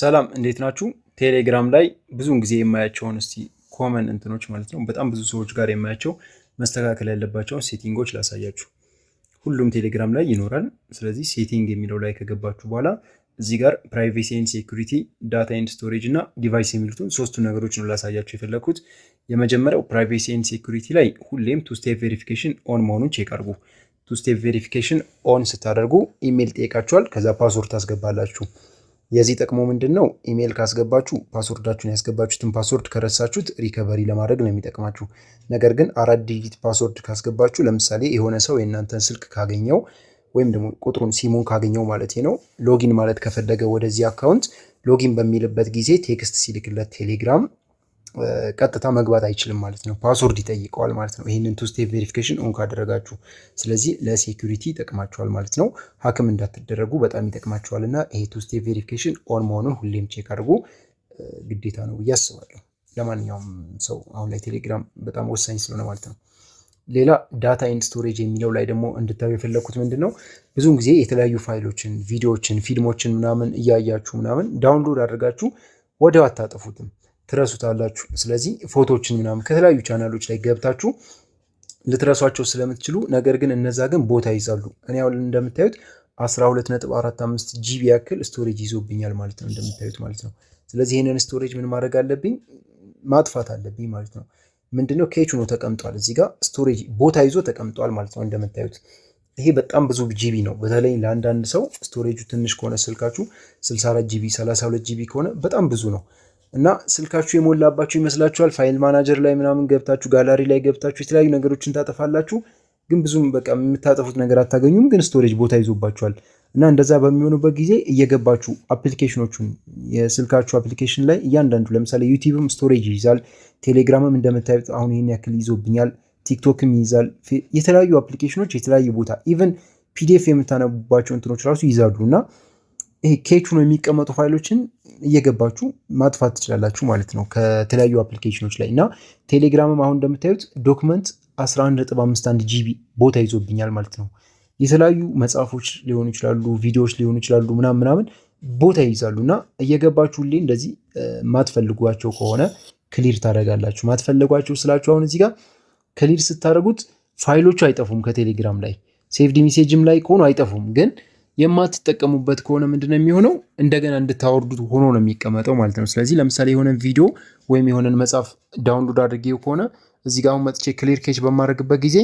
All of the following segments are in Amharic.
ሰላም እንዴት ናችሁ? ቴሌግራም ላይ ብዙውን ጊዜ የማያቸውን እስቲ ኮመን እንትኖች ማለት ነው በጣም ብዙ ሰዎች ጋር የማያቸው መስተካከል ያለባቸውን ሴቲንጎች ላሳያችሁ። ሁሉም ቴሌግራም ላይ ይኖራል። ስለዚህ ሴቲንግ የሚለው ላይ ከገባችሁ በኋላ እዚህ ጋር ፕራይቬሲ ኤንድ ሴኩሪቲ፣ ዳታ ኤንድ ስቶሬጅ እና ዲቫይስ የሚሉትን ሶስቱን ነገሮች ነው ላሳያችሁ የፈለግኩት። የመጀመሪያው ፕራይቬሲ ኤንድ ሴኩሪቲ ላይ ሁሌም ቱ ስቴፕ ቬሪፊኬሽን ኦን መሆኑን ቼክ አድርጉ። ቱ ስቴፕ ቬሪፊኬሽን ኦን ስታደርጉ ኢሜል ጠይቃችኋል። ከዛ ፓስወርድ ታስገባላችሁ የዚህ ጥቅሙ ምንድን ነው? ኢሜይል ካስገባችሁ ፓስወርዳችሁን ያስገባችሁትን ፓስወርድ ከረሳችሁት ሪከቨሪ ለማድረግ ነው የሚጠቅማችሁ። ነገር ግን አራት ዲጂት ፓስወርድ ካስገባችሁ ለምሳሌ የሆነ ሰው የእናንተን ስልክ ካገኘው ወይም ደግሞ ቁጥሩን ሲሙን ካገኘው ማለት ነው ሎጊን ማለት ከፈለገ ወደዚህ አካውንት ሎጊን በሚልበት ጊዜ ቴክስት ሲልክለት ቴሌግራም ቀጥታ መግባት አይችልም ማለት ነው። ፓስወርድ ይጠይቀዋል ማለት ነው። ይህንን ቱ ስቴፕ ቬሪፊኬሽን ኦን ካደረጋችሁ፣ ስለዚህ ለሴኩሪቲ ይጠቅማችኋል ማለት ነው። ሀክም እንዳትደረጉ በጣም ይጠቅማችኋል እና ይሄ ቱ ስቴፕ ቬሪፊኬሽን ኦን መሆኑን ሁሌም ቼክ አድርጉ፣ ግዴታ ነው ብዬ አስባለሁ። ለማንኛውም ሰው አሁን ላይ ቴሌግራም በጣም ወሳኝ ስለሆነ ማለት ነው። ሌላ ዳታ ኢን ስቶሬጅ የሚለው ላይ ደግሞ እንድታዩ የፈለግኩት ምንድን ነው፣ ብዙውን ጊዜ የተለያዩ ፋይሎችን፣ ቪዲዮዎችን፣ ፊልሞችን ምናምን እያያችሁ ምናምን ዳውንሎድ አድርጋችሁ ወደው አታጠፉትም። ትረሱታላችሁ። ስለዚህ ፎቶዎችን ምናምን ከተለያዩ ቻናሎች ላይ ገብታችሁ ልትረሷቸው ስለምትችሉ፣ ነገር ግን እነዛ ግን ቦታ ይዛሉ። እኔ አሁን እንደምታዩት 12.45 ጂቢ ያክል ስቶሬጅ ይዞብኛል ማለት ነው፣ እንደምታዩት ማለት ነው። ስለዚህ ይህንን ስቶሬጅ ምን ማድረግ አለብኝ? ማጥፋት አለብኝ ማለት ነው። ምንድነው ኬች ነው ተቀምጧል። እዚህ ጋር ስቶሬጅ ቦታ ይዞ ተቀምጧል ማለት ነው። እንደምታዩት ይሄ በጣም ብዙ ጂቢ ነው። በተለይ ለአንዳንድ ሰው ስቶሬጁ ትንሽ ከሆነ ስልካችሁ 64 ጂቢ፣ 32 ጂቢ ከሆነ በጣም ብዙ ነው። እና ስልካችሁ የሞላባችሁ ይመስላችኋል። ፋይል ማናጀር ላይ ምናምን ገብታችሁ ጋላሪ ላይ ገብታችሁ የተለያዩ ነገሮችን ታጠፋላችሁ። ግን ብዙም በቃ የምታጠፉት ነገር አታገኙም። ግን ስቶሬጅ ቦታ ይዞባችኋል። እና እንደዛ በሚሆኑበት ጊዜ እየገባችሁ አፕሊኬሽኖቹን የስልካችሁ አፕሊኬሽን ላይ እያንዳንዱ ለምሳሌ ዩቲዩብም ስቶሬጅ ይይዛል። ቴሌግራምም እንደምታዩት አሁን ይህን ያክል ይዞብኛል። ቲክቶክም ይይዛል። የተለያዩ አፕሊኬሽኖች የተለያዩ ቦታ ኢቨን ፒዲኤፍ የምታነቡባቸው እንትኖች ራሱ ይይዛሉ እና ይሄ ኬቹ ነው የሚቀመጡ ፋይሎችን እየገባችሁ ማጥፋት ትችላላችሁ ማለት ነው ከተለያዩ አፕሊኬሽኖች ላይ እና ቴሌግራምም አሁን እንደምታዩት ዶክመንት 11.51 ጂቢ ቦታ ይዞብኛል ማለት ነው። የተለያዩ መጽሐፎች ሊሆኑ ይችላሉ፣ ቪዲዮዎች ሊሆኑ ይችላሉ ምናምን ምናምን ቦታ ይይዛሉ እና እየገባችሁ ሁሌ እንደዚህ ማትፈልጓቸው ከሆነ ክሊር ታደርጋላችሁ። ማትፈልጓቸው ስላችሁ አሁን እዚህ ጋር ክሊር ስታደርጉት ፋይሎቹ አይጠፉም። ከቴሌግራም ላይ ሴቭድ ሜሴጅም ላይ ከሆኑ አይጠፉም ግን የማትጠቀሙበት ከሆነ ምንድነው የሚሆነው? እንደገና እንድታወርዱት ሆኖ ነው የሚቀመጠው ማለት ነው። ስለዚህ ለምሳሌ የሆነ ቪዲዮ ወይም የሆነን መጽሐፍ ዳውንሎድ አድርጌው ከሆነ እዚህ ጋር አሁን መጥቼ ክሊር ኬች በማድረግበት ጊዜ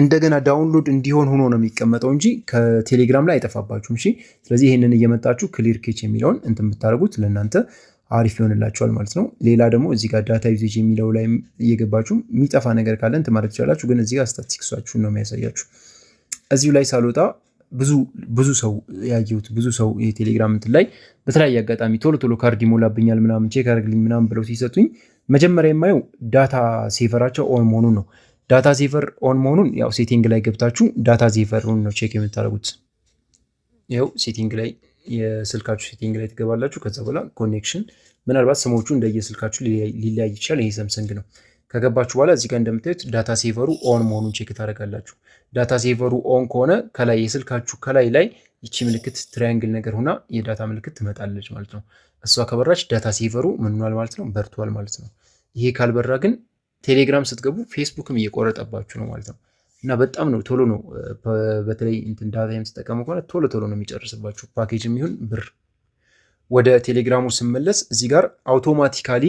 እንደገና ዳውንሎድ እንዲሆን ሆኖ ነው የሚቀመጠው እንጂ ከቴሌግራም ላይ አይጠፋባችሁም። እሺ። ስለዚህ ይህንን እየመጣችሁ ክሊር ኬች የሚለውን እንትን የምታደርጉት ለእናንተ አሪፍ ይሆንላችኋል ማለት ነው። ሌላ ደግሞ እዚህ ጋር ዳታ ዩዜጅ የሚለው ላይ እየገባችሁ የሚጠፋ ነገር ካለ እንትን ማለት ትችላላችሁ። ግን እዚህ ጋር ስታቲስቲክሳችሁን ነው የሚያሳያችሁ። እዚሁ ላይ ሳልወጣ ብዙ ብዙ ሰው ያየሁት ብዙ ሰው የቴሌግራም እንትን ላይ በተለያየ አጋጣሚ ቶሎ ቶሎ ካርድ ይሞላብኛል ምናምን ቼክ አድርግልኝ ምናምን ብለው ሲሰጡኝ መጀመሪያ የማየው ዳታ ሴቨራቸው ኦን መሆኑን ነው። ዳታ ሴቨር ኦን መሆኑን ያው ሴቲንግ ላይ ገብታችሁ ዳታ ሴቨሩን ነው ቼክ የምታደርጉት። ይኸው ሴቲንግ ላይ የስልካችሁ ሴቲንግ ላይ ትገባላችሁ። ከዛ በኋላ ኮኔክሽን ምናልባት ስሞቹ እንደየስልካችሁ ሊለያይ ይችላል። ይሄ ሰምሰንግ ነው። ከገባችሁ በኋላ እዚህ ጋር እንደምታዩት ዳታ ሴቨሩ ኦን መሆኑን ቼክ ታደርጋላችሁ። ዳታ ሴቨሩ ኦን ከሆነ ከላይ የስልካችሁ ከላይ ላይ ይቺ ምልክት ትራያንግል ነገር ሆና የዳታ ምልክት ትመጣለች ማለት ነው። እሷ ከበራች ዳታ ሴቨሩ ምን ማለት ነው፣ በርቷል ማለት ነው። ይሄ ካልበራ ግን ቴሌግራም ስትገቡ ፌስቡክም እየቆረጠባችሁ ነው ማለት ነው። እና በጣም ነው ቶሎ ነው በተለይ እንትን ዳታ የምትጠቀሙ ከሆነ ቶሎ ቶሎ ነው የሚጨርስባችሁ ፓኬጅ የሚሆን ብር። ወደ ቴሌግራሙ ስመለስ እዚህ ጋር አውቶማቲካሊ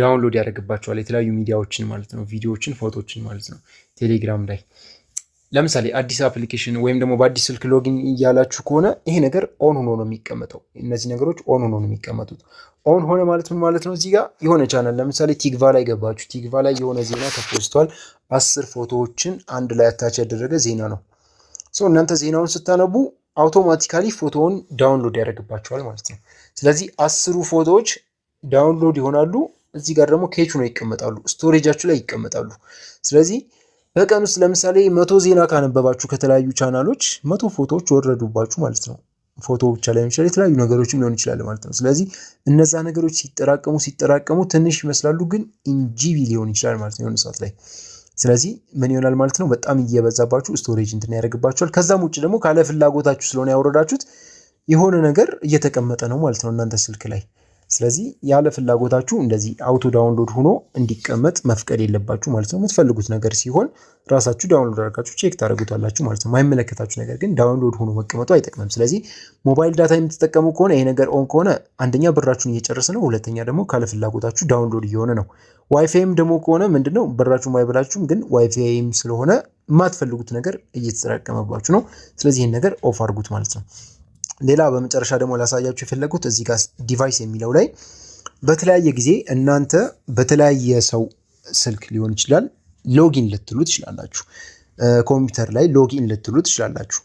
ዳውንሎድ ያደርግባቸዋል የተለያዩ ሚዲያዎችን ማለት ነው፣ ቪዲዮዎችን፣ ፎቶዎችን ማለት ነው። ቴሌግራም ላይ ለምሳሌ አዲስ አፕሊኬሽን ወይም ደግሞ በአዲስ ስልክ ሎጊን እያላችሁ ከሆነ ይሄ ነገር ኦን ሆኖ ነው የሚቀመጠው። እነዚህ ነገሮች ኦን ሆኖ ነው የሚቀመጡት። ኦን ሆነ ማለት ምን ማለት ነው? እዚህ ጋር የሆነ ቻናል ለምሳሌ ቲግቫ ላይ ገባችሁ። ቲግቫ ላይ የሆነ ዜና ተፖስቷል። አስር ፎቶዎችን አንድ ላይ አታች ያደረገ ዜና ነው። ሰው እናንተ ዜናውን ስታነቡ አውቶማቲካሊ ፎቶውን ዳውንሎድ ያደርግባቸዋል ማለት ነው። ስለዚህ አስሩ ፎቶዎች ዳውንሎድ ይሆናሉ። እዚህ ጋር ደግሞ ኬች ነው ይቀመጣሉ፣ ስቶሬጃችሁ ላይ ይቀመጣሉ። ስለዚህ በቀን ውስጥ ለምሳሌ መቶ ዜና ካነበባችሁ ከተለያዩ ቻናሎች መቶ ፎቶዎች ወረዱባችሁ ማለት ነው። ፎቶ ብቻ ላይ የሚችላል የተለያዩ ነገሮችም ሊሆን ይችላል ማለት ነው። ስለዚህ እነዛ ነገሮች ሲጠራቀሙ ሲጠራቀሙ ትንሽ ይመስላሉ፣ ግን ኢንጂቢ ሊሆን ይችላል ማለት ነው የሆነ ሰዓት ላይ። ስለዚህ ምን ይሆናል ማለት ነው በጣም እየበዛባችሁ ስቶሬጅ እንትን ያደርግባችኋል። ከዛም ውጭ ደግሞ ካለ ፍላጎታችሁ ስለሆነ ያወረዳችሁት የሆነ ነገር እየተቀመጠ ነው ማለት ነው እናንተ ስልክ ላይ ስለዚህ ያለ ፍላጎታችሁ እንደዚህ አውቶ ዳውንሎድ ሆኖ እንዲቀመጥ መፍቀድ የለባችሁ ማለት ነው። የምትፈልጉት ነገር ሲሆን ራሳችሁ ዳውንሎድ አድርጋችሁ ቼክ ታደርጉታላችሁ ማለት ነው። የማይመለከታችሁ ነገር ግን ዳውንሎድ ሆኖ መቀመጡ አይጠቅምም። ስለዚህ ሞባይል ዳታ የምትጠቀሙ ከሆነ ይሄ ነገር ኦን ከሆነ አንደኛ ብራችሁን እየጨረሰ ነው፣ ሁለተኛ ደግሞ ካለ ፍላጎታችሁ ዳውንሎድ እየሆነ ነው። ዋይፋይም ደግሞ ከሆነ ምንድነው ብራችሁ አይበላችሁም፣ ግን ዋይፋይም ስለሆነ የማትፈልጉት ነገር እየተጠራቀመባችሁ ነው። ስለዚህ ይህን ነገር ኦፍ አድርጉት ማለት ነው። ሌላ በመጨረሻ ደግሞ ላሳያችሁ የፈለጉት እዚህ ጋር ዲቫይስ የሚለው ላይ በተለያየ ጊዜ እናንተ በተለያየ ሰው ስልክ ሊሆን ይችላል ሎጊን ልትሉ ትችላላችሁ። ኮምፒውተር ላይ ሎጊን ልትሉ ትችላላችሁ።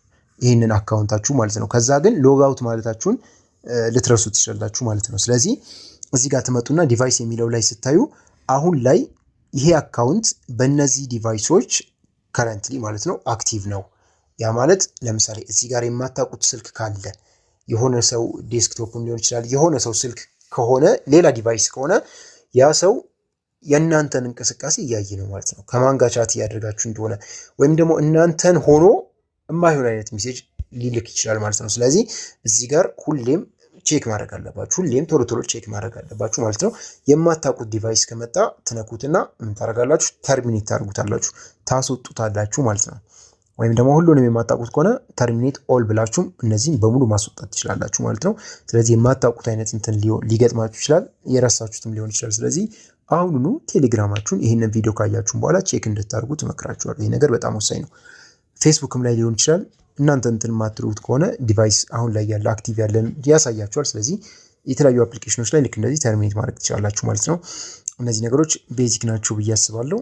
ይህንን አካውንታችሁ ማለት ነው። ከዛ ግን ሎግ አውት ማለታችሁን ልትረሱ ትችላላችሁ ማለት ነው። ስለዚህ እዚህ ጋር ትመጡና ዲቫይስ የሚለው ላይ ስታዩ አሁን ላይ ይሄ አካውንት በእነዚህ ዲቫይሶች ከረንትሊ ማለት ነው አክቲቭ ነው ያ ማለት ለምሳሌ እዚህ ጋር የማታውቁት ስልክ ካለ የሆነ ሰው ዴስክቶፕም ሊሆን ይችላል። የሆነ ሰው ስልክ ከሆነ ሌላ ዲቫይስ ከሆነ ያ ሰው የእናንተን እንቅስቃሴ እያየ ነው ማለት ነው። ከማን ጋር ቻት እያደረጋችሁ እንደሆነ ወይም ደግሞ እናንተን ሆኖ የማይሆን አይነት ሚሴጅ ሊልክ ይችላል ማለት ነው። ስለዚህ እዚህ ጋር ሁሌም ቼክ ማድረግ አለባችሁ። ሁሌም ቶሎ ቶሎ ቼክ ማድረግ አለባችሁ ማለት ነው። የማታውቁት ዲቫይስ ከመጣ ትነኩትና ምን ታደርጋላችሁ? ተርሚኔት ታደርጉታላችሁ፣ ታስወጡታላችሁ ማለት ነው። ወይም ደግሞ ሁሉንም የማታውቁት ከሆነ ተርሚኔት ኦል ብላችሁም እነዚህም በሙሉ ማስወጣት ትችላላችሁ ማለት ነው። ስለዚህ የማታውቁት አይነት እንትን ሊገጥማችሁ ይችላል፣ የረሳችሁትም ሊሆን ይችላል። ስለዚህ አሁኑኑ ቴሌግራማችሁን ይህንን ቪዲዮ ካያችሁን በኋላ ቼክ እንድታደርጉ ትመክራችኋል። ይህ ነገር በጣም ወሳኝ ነው። ፌስቡክም ላይ ሊሆን ይችላል። እናንተ እንትን የማትሉት ከሆነ ዲቫይስ አሁን ላይ ያለ አክቲቭ ያለን ያሳያችኋል። ስለዚህ የተለያዩ አፕሊኬሽኖች ላይ ልክ እንደዚህ ተርሚኔት ማድረግ ትችላላችሁ ማለት ነው። እነዚህ ነገሮች ቤዚክ ናቸው ብዬ አስባለሁ።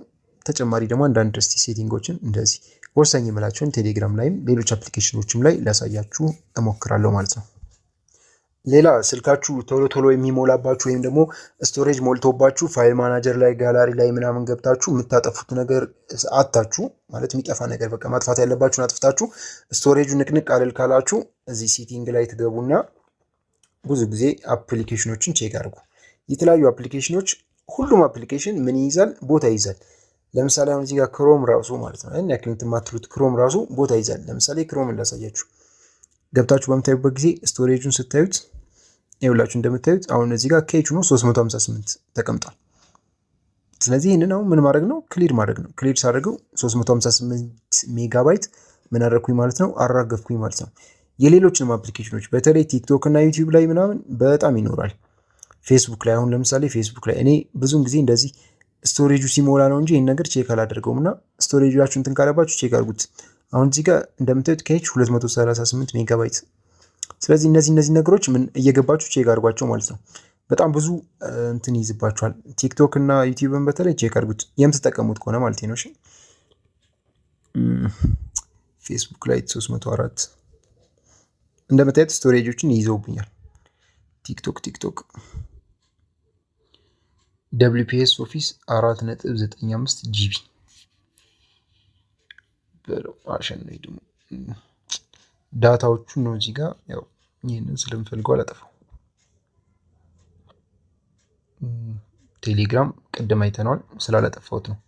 ተጨማሪ ደግሞ አንዳንድ ስቲ ሴቲንጎችን እንደዚህ ወሳኝ የምላቸውን ቴሌግራም ላይም ሌሎች አፕሊኬሽኖችም ላይ ሊያሳያችሁ እሞክራለሁ ማለት ነው። ሌላ ስልካችሁ ቶሎ ቶሎ የሚሞላባችሁ ወይም ደግሞ ስቶሬጅ ሞልቶባችሁ ፋይል ማናጀር ላይ ጋላሪ ላይ ምናምን ገብታችሁ የምታጠፉት ነገር አታችሁ ማለት የሚጠፋ ነገር በቃ ማጥፋት ያለባችሁን አጥፍታችሁ ስቶሬጁ ንቅንቅ አልል ካላችሁ እዚህ ሴቲንግ ላይ ትገቡና ብዙ ጊዜ አፕሊኬሽኖችን ቼክ አድርጉ። የተለያዩ አፕሊኬሽኖች ሁሉም አፕሊኬሽን ምን ይይዛል? ቦታ ይይዛል። ለምሳሌ አሁን እዚህ ጋር ክሮም ራሱ ማለት ነው ያን ያክል የምትማትሉት ክሮም ራሱ ቦታ ይዛል። ለምሳሌ ክሮም እንዳሳያችሁ ገብታችሁ በምታዩበት ጊዜ ስቶሬጁን ስታዩት ይኸውላችሁ እንደምታዩት አሁን እዚህ ጋር ኬች ነው 358 ተቀምጧል። ስለዚህ ይህንን አሁን ምን ማድረግ ነው ክሊር ማድረግ ነው። ክሊር ሳደርገው 358 ሜጋባይት ምን አደረግኩኝ ማለት ነው አራገፍኩኝ ማለት ነው። የሌሎችንም አፕሊኬሽኖች በተለይ ቲክቶክ እና ዩቲዩብ ላይ ምናምን በጣም ይኖራል። ፌስቡክ ላይ አሁን ለምሳሌ ፌስቡክ ላይ እኔ ብዙን ጊዜ እንደዚህ ስቶሬጁ ሲሞላ ነው እንጂ ይህን ነገር ቼክ አላደርገውም። እና ስቶሬጃችሁ እንትን ካለባችሁ ቼክ አድርጉት። አሁን እዚህ ጋር እንደምታዩት ከኤች 238 ሜጋባይት። ስለዚህ እነዚህ እነዚህ ነገሮች ምን እየገባችሁ ቼክ አድርጓቸው ማለት ነው። በጣም ብዙ እንትን ይይዝባችኋል። ቲክቶክ እና ዩቲዩብን በተለይ ቼክ አድርጉት የምትጠቀሙት ከሆነ ማለት ነው። እሺ ፌስቡክ ላይ 304 እንደምታዩት ስቶሬጆችን ይይዘውብኛል። ቲክቶክ ቲክቶክ ደብሊፒኤስ ኦፊስ 4.95 ጂቢ አሸናኝ ደግሞ ዳታዎቹ ነው። እዚህ ጋር ያው ይህንን ስለምፈልገው አላጠፋው። ቴሌግራም ቅድም አይተነዋል ስላላጠፋሁት ነው።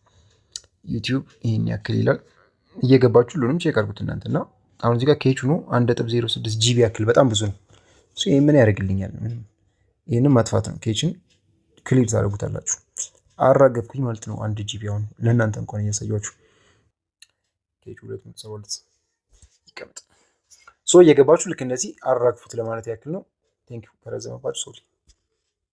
ዩቲዩብ ይህን ያክል ይላል። እየገባችሁ ሁሉንም ቼክ አድርጉት እናንተና አሁን እዚህ ጋር ኬች ሆኖ አንድ ጂቢ ያክል በጣም ብዙ ነው። ይህ ምን ያደርግልኛል? ይህንም ማጥፋት ነው ኬችን ክሊር ታደርጉታላችሁ። አራገፍኩኝ ማለት ነው። አንድ ጂቢ አሁን ለእናንተ እንኳን እያሳያችሁ ይቀመጥ። ሶ እየገባችሁ ልክ እንደዚህ አራግፉት ለማለት ያክል ነው። ቴንክ ከረዘመባችሁ ሶሪ